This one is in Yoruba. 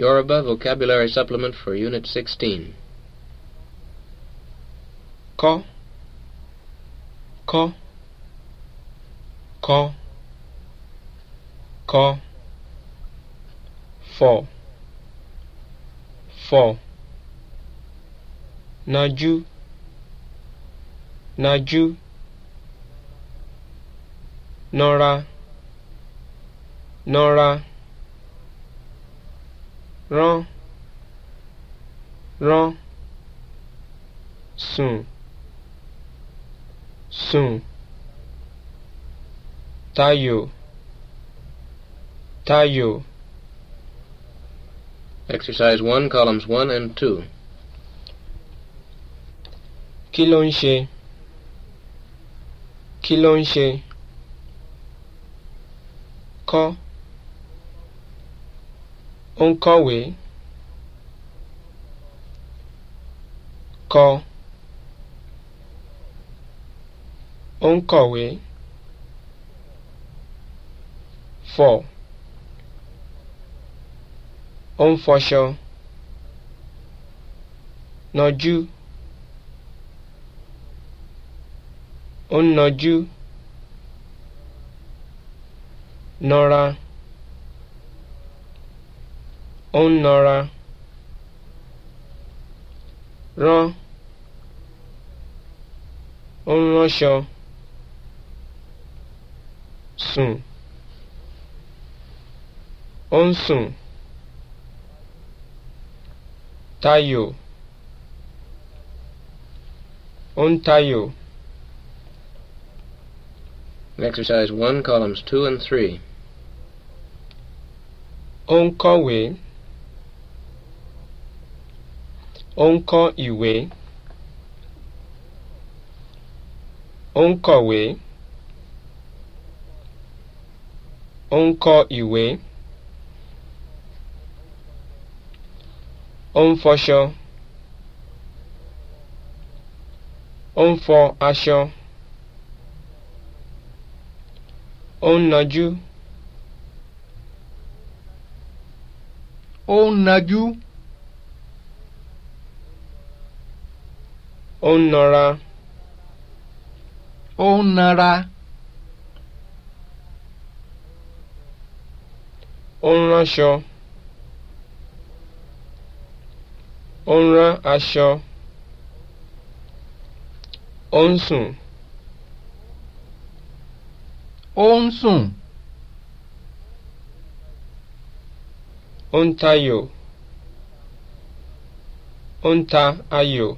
Yoruba Vocabulary Supplement for Unit 16. Ko, ko, ko, ko, fo, fo, naju, naju, nora, nora rán rán sùn sùn tayò tayò. Exercise 1, columns 1 and 2. Kí ló ń ṣe? Kí ló ń ṣe? Kọ́. ó ń kọ̀wé kọ ó ń kọ̀wé fọ̀ ó ń fọṣọ nọjú ó ń nọjú nọra. ó ń Ron, rán ó sùn ó ń sùn tayò ó exercise 1, columns 2 and 3. Ó ń kọ̀wé. Ó ń kọ́ ìwé. Ó ń kọ̀wé. Ó ń kọ ìwé. Ó ń fọṣọ. Ó ń fọ aṣọ. Ó ń najú. Ó ń najú. ó ń nara ó ń nara ó ń ránṣọ ó ń rán aṣọ ó ń sùn ó ń sùn ó ń tayò ó ń ta ayò.